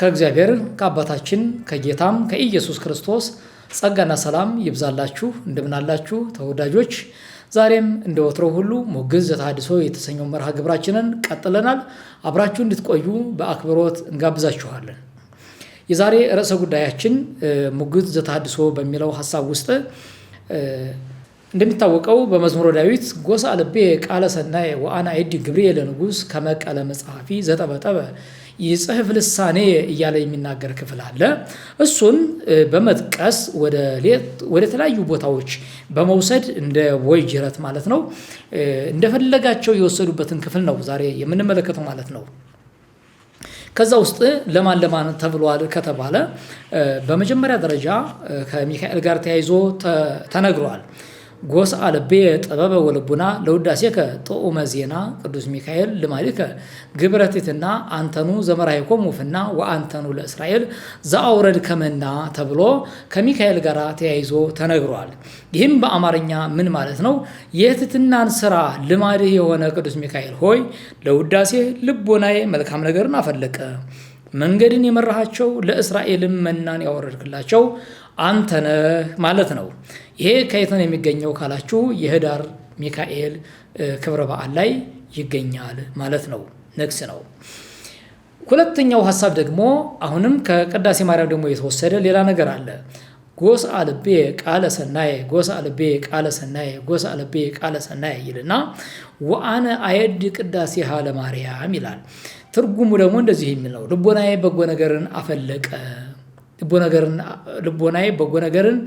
ከእግዚአብሔር ከአባታችን ከጌታም ከኢየሱስ ክርስቶስ ጸጋና ሰላም ይብዛላችሁ። እንደምናላችሁ ተወዳጆች፣ ዛሬም እንደ ወትሮ ሁሉ ሞግዝ ዘተሃድሶ የተሰኘው መርሃ ግብራችንን ቀጥለናል። አብራችሁ እንድትቆዩ በአክብሮት እንጋብዛችኋለን። የዛሬ ርዕሰ ጉዳያችን ሙግዝ ዘተሃድሶ በሚለው ሀሳብ ውስጥ እንደሚታወቀው በመዝሙረ ዳዊት ጎሳ ልቤ ቃለ ሰናየ ወአና የዲ ግብርኤለ ንጉሥ ከመቀለ መጽሐፊ ዘጠበጠበ ይጽሕፍ ልሳኔ እያለ የሚናገር ክፍል አለ። እሱን በመጥቀስ ወደ ተለያዩ ቦታዎች በመውሰድ እንደ ወይ ጅረት ማለት ነው እንደፈለጋቸው የወሰዱበትን ክፍል ነው ዛሬ የምንመለከተው ማለት ነው። ከዛ ውስጥ ለማን ለማን ተብሏል ከተባለ በመጀመሪያ ደረጃ ከሚካኤል ጋር ተያይዞ ተነግሯል። ጎስ አለቤ ጥበበ ወልቡና ለውዳሴከ ጥዑመ ዜና ቅዱስ ሚካኤል ልማድከ ግብረቲትና አንተኑ ዘመራይኮም ውፍና ወአንተኑ ለእስራኤል ዘአውረድ ከመና ተብሎ ከሚካኤል ጋር ተያይዞ ተነግሯል። ይህም በአማርኛ ምን ማለት ነው? የትትናን ስራ ልማድህ የሆነ ቅዱስ ሚካኤል ሆይ ለውዳሴ ልቦናዬ መልካም ነገርን አፈለቀ መንገድን የመራሃቸው ለእስራኤልም መናን ያወረድክላቸው አንተነህ ማለት ነው። ይሄ ከየት የሚገኘው ካላችሁ የህዳር ሚካኤል ክብረ በዓል ላይ ይገኛል ማለት ነው። ንግስ ነው። ሁለተኛው ሀሳብ ደግሞ አሁንም ከቅዳሴ ማርያም ደግሞ የተወሰደ ሌላ ነገር አለ። ጎስ አልቤ ቃለ ሰናየ ጎስ ልቤ ቃለ ሰናየ ጎስ አልቤ ቃለ ሰናየ ይልና ወአነ አየድ ቅዳሴሃ ማርያም ይላል። ትርጉሙ ደግሞ እንደዚህ የሚል ነው። ልቦናዬ በጎ ነገርን አፈለቀ ልቦናዬ በጎ ነገርን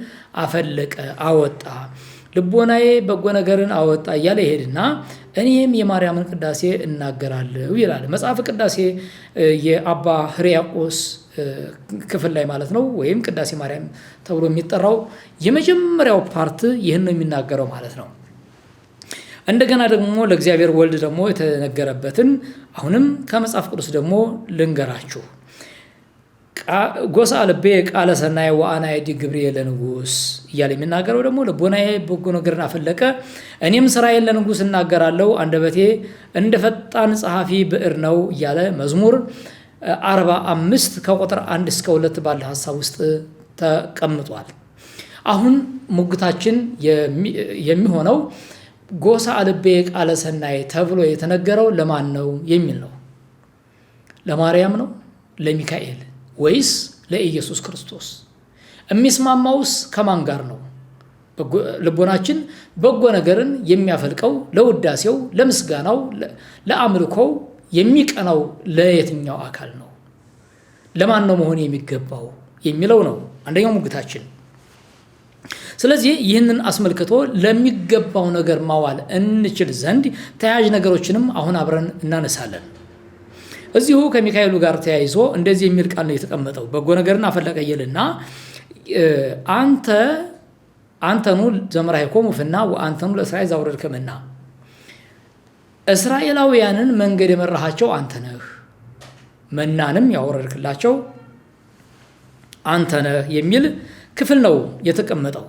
አፈለቀ አወጣ ልቦናዬ በጎ ነገርን አወጣ እያለ ይሄድና እኔም የማርያምን ቅዳሴ እናገራለሁ ይላል። መጽሐፍ ቅዳሴ የአባ ሕርያቆስ ክፍል ላይ ማለት ነው፣ ወይም ቅዳሴ ማርያም ተብሎ የሚጠራው የመጀመሪያው ፓርት ይህን ነው የሚናገረው ማለት ነው። እንደገና ደግሞ ለእግዚአብሔር ወልድ ደግሞ የተነገረበትን አሁንም ከመጽሐፍ ቅዱስ ደግሞ ልንገራችሁ። ጎሳ ልቤ ቃለ ሰናይ ወአናይዲ ግብሬ ለንጉስ እያለ የሚናገረው ደግሞ ልቦናዬ በጎ ነገርን አፈለቀ፣ እኔም ስራዬን ለንጉስ እናገራለሁ፣ አንደበቴ እንደ ፈጣን ጸሐፊ ብዕር ነው እያለ መዝሙር አርባ አምስት ከቁጥር አንድ እስከ ሁለት ባለ ሀሳብ ውስጥ ተቀምጧል። አሁን ሙግታችን የሚሆነው ጎሳ አልቤ ቃለ ሰናይ ተብሎ የተነገረው ለማን ነው የሚል ነው። ለማርያም ነው? ለሚካኤል ወይስ ለኢየሱስ ክርስቶስ? የሚስማማውስ ከማን ጋር ነው? ልቦናችን በጎ ነገርን የሚያፈልቀው ለውዳሴው፣ ለምስጋናው፣ ለአምልኮው የሚቀናው ለየትኛው አካል ነው? ለማን ነው መሆን የሚገባው የሚለው ነው አንደኛው ሙግታችን። ስለዚህ ይህንን አስመልክቶ ለሚገባው ነገር ማዋል እንችል ዘንድ ተያያዥ ነገሮችንም አሁን አብረን እናነሳለን። እዚሁ ከሚካኤሉ ጋር ተያይዞ እንደዚህ የሚል ቃል ነው የተቀመጠው። በጎ ነገርን አፈለቀየልና አንተ አንተኑ ዘመራሄኮሙ ኮሙፍና ወአንተኑ ለእስራኤል ዛውረድከመና እስራኤላውያንን መንገድ የመራሃቸው አንተ ነህ፣ መናንም ያወረድክላቸው አንተ ነህ የሚል ክፍል ነው የተቀመጠው።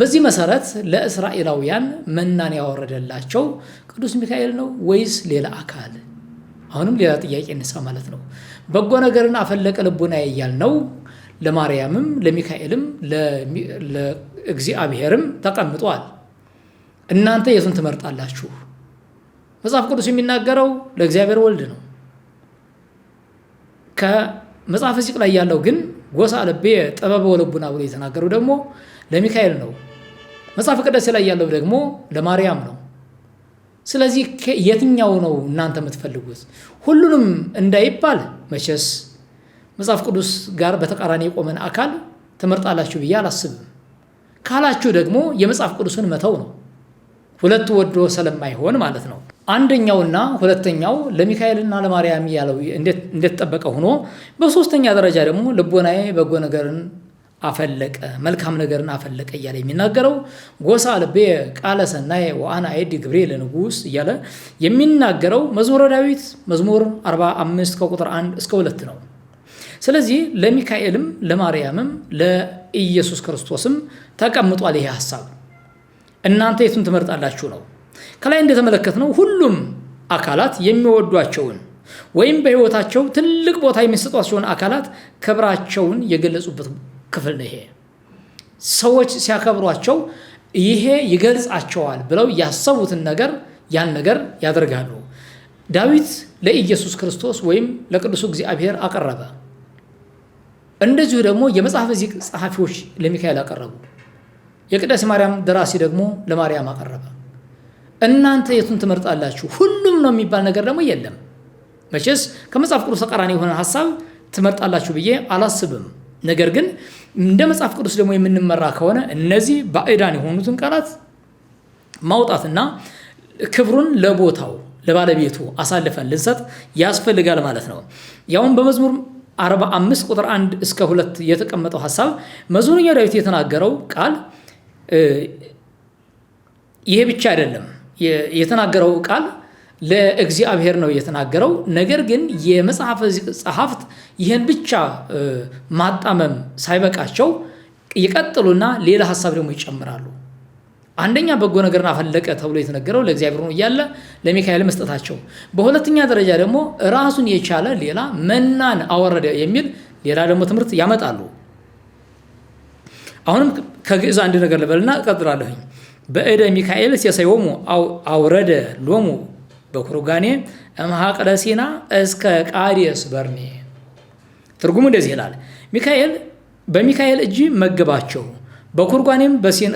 በዚህ መሰረት ለእስራኤላውያን መናን ያወረደላቸው ቅዱስ ሚካኤል ነው ወይስ ሌላ አካል? አሁንም ሌላ ጥያቄ እንሳ ማለት ነው። በጎ ነገርን አፈለቀ ልቡና ያያል ነው። ለማርያምም ለሚካኤልም ለእግዚአብሔርም ተቀምጧል። እናንተ የቱን ትመርጣላችሁ? መጽሐፍ ቅዱስ የሚናገረው ለእግዚአብሔር ወልድ ነው። ከመጽሐፍ ሲቅ ላይ ያለው ግን ጎሳ ልቤ ጥበብ ወልቡና ብሎ የተናገረው ደግሞ ለሚካኤል ነው። መጽሐፍ ቅዱስ ላይ ያለው ደግሞ ለማርያም ነው። ስለዚህ የትኛው ነው እናንተ የምትፈልጉት? ሁሉንም እንዳይባል መቼስ መጽሐፍ ቅዱስ ጋር በተቃራኒ የቆመን አካል ትመርጣላችሁ ብዬ አላስብም። ካላችሁ ደግሞ የመጽሐፍ ቅዱስን መተው ነው። ሁለቱ ወዶ ስለማይሆን ማለት ነው። አንደኛውና ሁለተኛው ለሚካኤልና ለማርያም ያለው እንደተጠበቀ ሆኖ በሶስተኛ ደረጃ ደግሞ ልቦናዬ በጎ ነገርን አፈለቀ መልካም ነገርን አፈለቀ እያለ የሚናገረው ጎሳ ልቤ ቃለ ሰናይ ወአነ አይድ ግብርኤል ንጉስ እያለ የሚናገረው መዝሙረ ዳዊት መዝሙር 45 ከቁጥር 1 እስከ 2 ነው። ስለዚህ ለሚካኤልም ለማርያምም ለኢየሱስ ክርስቶስም ተቀምጧል ይሄ ሀሳብ። እናንተ የቱን ትመርጣላችሁ ነው? ከላይ እንደተመለከትነው ሁሉም አካላት የሚወዷቸውን ወይም በህይወታቸው ትልቅ ቦታ የሚሰጧቸውን አካላት ክብራቸውን የገለጹበት ክፍል ነው ይሄ። ሰዎች ሲያከብሯቸው ይሄ ይገልጻቸዋል ብለው ያሰቡትን ነገር ያን ነገር ያደርጋሉ። ዳዊት ለኢየሱስ ክርስቶስ ወይም ለቅዱሱ እግዚአብሔር አቀረበ። እንደዚሁ ደግሞ የመጽሐፍ ዚቅ ጸሐፊዎች ለሚካኤል አቀረቡ። የቅዳሴ ማርያም ደራሲ ደግሞ ለማርያም አቀረበ። እናንተ የቱን ትመርጣላችሁ? ሁሉም ነው የሚባል ነገር ደግሞ የለም። መቼስ ከመጽሐፍ ቅዱስ ተቃራኒ የሆነ ሀሳብ ትመርጣላችሁ ብዬ አላስብም። ነገር ግን እንደ መጽሐፍ ቅዱስ ደግሞ የምንመራ ከሆነ እነዚህ ባዕዳን የሆኑትን ቃላት ማውጣትና ክብሩን ለቦታው ለባለቤቱ አሳልፈን ልንሰጥ ያስፈልጋል ማለት ነው። ያውም በመዝሙር 45 ቁጥር 1 እስከ 2 የተቀመጠው ሀሳብ መዝሙረኛው ዳዊት የተናገረው ቃል ይሄ ብቻ አይደለም። የተናገረው ቃል ለእግዚአብሔር ነው የተናገረው። ነገር ግን የመጽሐፈ ጸሐፍት ይህን ብቻ ማጣመም ሳይበቃቸው ይቀጥሉና ሌላ ሀሳብ ደግሞ ይጨምራሉ። አንደኛ በጎ ነገርን አፈለቀ ተብሎ የተነገረው ለእግዚአብሔር ነው እያለ ለሚካኤል መስጠታቸው፣ በሁለተኛ ደረጃ ደግሞ ራሱን የቻለ ሌላ መናን አወረደ የሚል ሌላ ደግሞ ትምህርት ያመጣሉ። አሁንም ከግዕዝ አንድ ነገር ልበልና እቀጥላለሁኝ። በእደ ሚካኤል ሴሰዮሙ አውረደ ሎሙ በኩርጋኔ እምሃቅለ ሲና እስከ ቃዴስ በርኔ። ትርጉሙ እንደዚህ ይላል። ሚካኤል በሚካኤል እጅ መገባቸው፣ በኩርጓኔም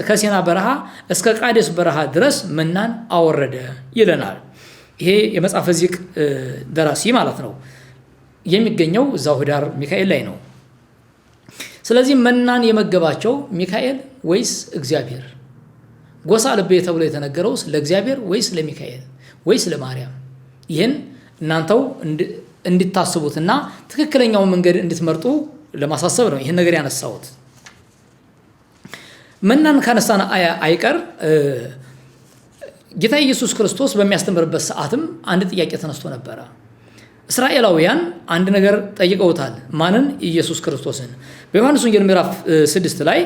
ከሲና በረሃ እስከ ቃዴስ በረሃ ድረስ መናን አወረደ ይለናል። ይሄ የመጽሐፈ ዚቅ ደራሲ ማለት ነው። የሚገኘው እዛው ህዳር ሚካኤል ላይ ነው። ስለዚህ መናን የመገባቸው ሚካኤል ወይስ እግዚአብሔር? ጎሳ ልቤ ተብሎ የተነገረው ለእግዚአብሔር ወይስ ለሚካኤል ወይስ ለማርያም? ይህን እናንተው እንድታስቡትና ትክክለኛውን መንገድ እንድትመርጡ ለማሳሰብ ነው ይህን ነገር ያነሳሁት። መናን ካነሳን አይቀር ጌታ ኢየሱስ ክርስቶስ በሚያስተምርበት ሰዓትም አንድ ጥያቄ ተነስቶ ነበረ። እስራኤላውያን አንድ ነገር ጠይቀውታል። ማንን? ኢየሱስ ክርስቶስን። በዮሐንስ ወንጌል ምዕራፍ ስድስት ላይ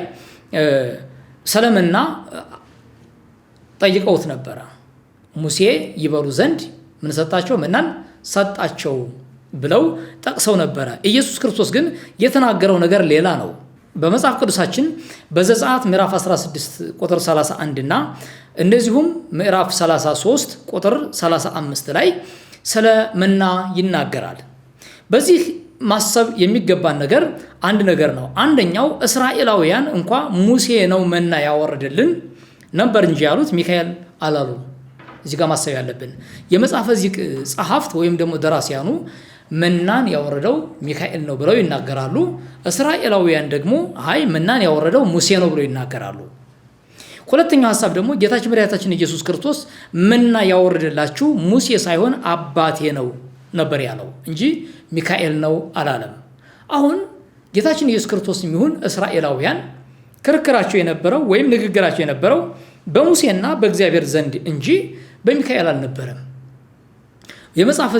ሰለምና ጠይቀውት ነበረ። ሙሴ ይበሉ ዘንድ ምን ሰጣቸው? መናን ሰጣቸው ብለው ጠቅሰው ነበረ። ኢየሱስ ክርስቶስ ግን የተናገረው ነገር ሌላ ነው። በመጽሐፍ ቅዱሳችን በዘጸአት ምዕራፍ 16 ቁጥር 31 እና እንደዚሁም ምዕራፍ 33 ቁጥር 35 ላይ ስለ መና ይናገራል። በዚህ ማሰብ የሚገባን ነገር አንድ ነገር ነው። አንደኛው እስራኤላውያን እንኳ ሙሴ ነው መና ያወረደልን ነበር እንጂ ያሉት ሚካኤል አላሉ። እዚህ ጋር ማሰብ ያለብን የመጽሐፈ ዚቅ ጸሐፍት ወይም ደግሞ ደራሲያኑ መናን ያወረደው ሚካኤል ነው ብለው ይናገራሉ። እስራኤላውያን ደግሞ አይ መናን ያወረደው ሙሴ ነው ብለው ይናገራሉ። ሁለተኛው ሀሳብ ደግሞ ጌታችን መድኃኒታችን ኢየሱስ ክርስቶስ መና ያወረደላችሁ ሙሴ ሳይሆን አባቴ ነው ነበር ያለው እንጂ ሚካኤል ነው አላለም። አሁን ጌታችን ኢየሱስ ክርስቶስ የሚሆን እስራኤላውያን ክርክራቸው የነበረው ወይም ንግግራቸው የነበረው በሙሴና በእግዚአብሔር ዘንድ እንጂ በሚካኤል አልነበረም። የመጽሐፈ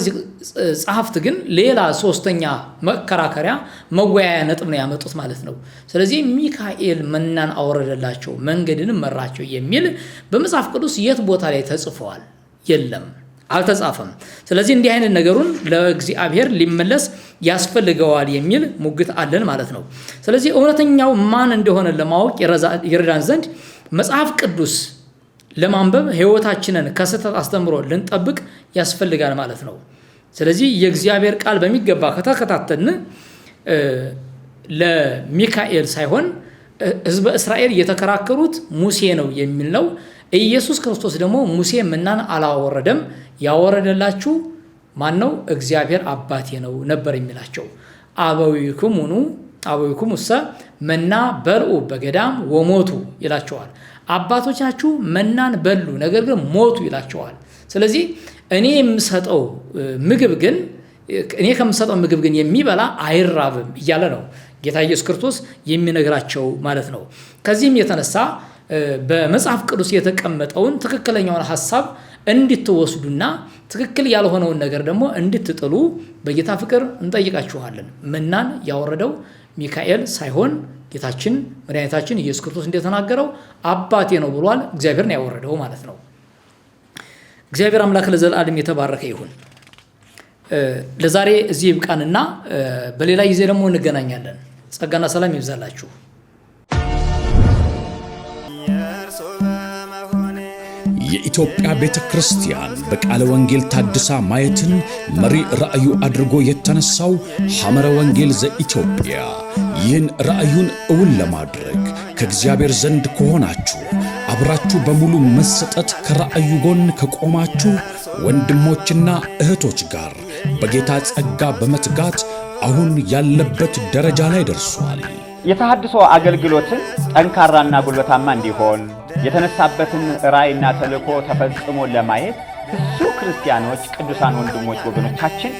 ጸሐፍት ግን ሌላ ሶስተኛ መከራከሪያ መወያያ ነጥብ ነው ያመጡት ማለት ነው። ስለዚህ ሚካኤል መናን አወረደላቸው መንገድንም መራቸው የሚል በመጽሐፍ ቅዱስ የት ቦታ ላይ ተጽፈዋል? የለም። አልተጻፈም። ስለዚህ እንዲህ አይነት ነገሩን ለእግዚአብሔር ሊመለስ ያስፈልገዋል የሚል ሙግት አለን ማለት ነው። ስለዚህ እውነተኛው ማን እንደሆነ ለማወቅ ይረዳን ዘንድ መጽሐፍ ቅዱስ ለማንበብ ሕይወታችንን ከስህተት አስተምሮ ልንጠብቅ ያስፈልጋል ማለት ነው። ስለዚህ የእግዚአብሔር ቃል በሚገባ ከተከታተልን ለሚካኤል ሳይሆን ሕዝበ እስራኤል የተከራከሩት ሙሴ ነው የሚል ነው። ኢየሱስ ክርስቶስ ደግሞ ሙሴ ምናን አላወረደም ያወረደላችሁ ማን ነው? እግዚአብሔር አባቴ ነው ነበር የሚላቸው። አበዊኩሙኑ አበዊኩም ውሰ መና በልዑ በገዳም ወሞቱ ይላቸዋል። አባቶቻችሁ መናን በሉ፣ ነገር ግን ሞቱ ይላቸዋል። ስለዚህ እኔ የምሰጠው ምግብ ግን እኔ ከምሰጠው ምግብ ግን የሚበላ አይራብም እያለ ነው ጌታ ኢየሱስ ክርስቶስ የሚነግራቸው ማለት ነው። ከዚህም የተነሳ በመጽሐፍ ቅዱስ የተቀመጠውን ትክክለኛውን ሀሳብ እንድትወስዱና ትክክል ያልሆነውን ነገር ደግሞ እንድትጥሉ በጌታ ፍቅር እንጠይቃችኋለን። መናን ያወረደው ሚካኤል ሳይሆን ጌታችን መድኃኒታችን ኢየሱስ ክርስቶስ እንደተናገረው አባቴ ነው ብሏል። እግዚአብሔርን ያወረደው ማለት ነው። እግዚአብሔር አምላክ ለዘላለም የተባረከ ይሁን። ለዛሬ እዚህ ይብቃንና በሌላ ጊዜ ደግሞ እንገናኛለን። ጸጋና ሰላም ይብዛላችሁ። የኢትዮጵያ ቤተ ክርስቲያን በቃለ ወንጌል ታድሳ ማየትን መሪ ራእዩ አድርጎ የተነሳው ሐመረ ወንጌል ዘኢትዮጵያ ይህን ራእዩን እውን ለማድረግ ከእግዚአብሔር ዘንድ ከሆናችሁ አብራችሁ በሙሉ መሰጠት ከራእዩ ጎን ከቆማችሁ ወንድሞችና እህቶች ጋር በጌታ ጸጋ በመትጋት አሁን ያለበት ደረጃ ላይ ደርሷል። የተሃድሶ አገልግሎትን ጠንካራና ጉልበታማ እንዲሆን የተነሳበትን ራዕይና ተልእኮ ተፈጽሞ ለማየት ብዙ ክርስቲያኖች፣ ቅዱሳን ወንድሞች፣ ወገኖቻችን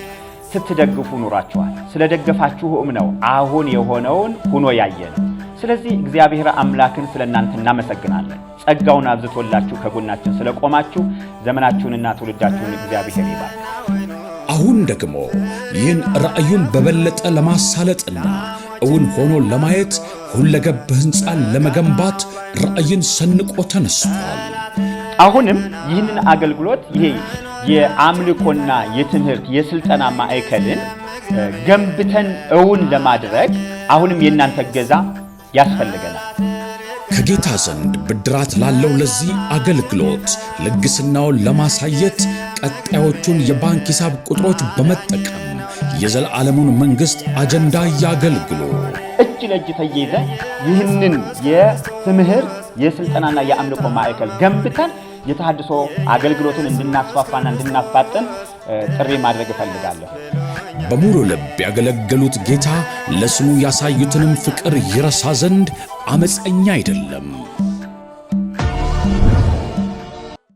ስትደግፉ ኑራችኋል። ስለደገፋችሁም ነው አሁን የሆነውን ሁኖ ያየ ነው። ስለዚህ እግዚአብሔር አምላክን ስለ እናንተ እናመሰግናለን። ጸጋውን አብዝቶላችሁ ከጎናችን ስለቆማችሁ ዘመናችሁንና ትውልዳችሁን እግዚአብሔር ይባል። አሁን ደግሞ ይህን ራእዩን በበለጠ ለማሳለጥና እውን ሆኖ ለማየት ሁለገብ ሕንፃን ለመገንባት ራእይን ሰንቆ ተነስቷል። አሁንም ይህንን አገልግሎት ይሄ የአምልኮና የትምህርት የስልጠና ማዕከልን ገንብተን እውን ለማድረግ አሁንም የእናንተ እገዛ ያስፈልገናል። ከጌታ ዘንድ ብድራት ላለው ለዚህ አገልግሎት ልግስናውን ለማሳየት ቀጣዮቹን የባንክ ሂሳብ ቁጥሮች በመጠቀም የዘላለሙን መንግሥት አጀንዳ ያገልግሉ እጅ ለእጅ ተይዘ ይህንን የትምህርት የሥልጠናና የአምልኮ ማዕከል ገንብተን የተሃድሶ አገልግሎትን እንድናስፋፋና እንድናፋጥን ጥሪ ማድረግ እፈልጋለሁ። በሙሉ ልብ ያገለገሉት ጌታ ለስሙ ያሳዩትንም ፍቅር ይረሳ ዘንድ አመፀኛ አይደለም።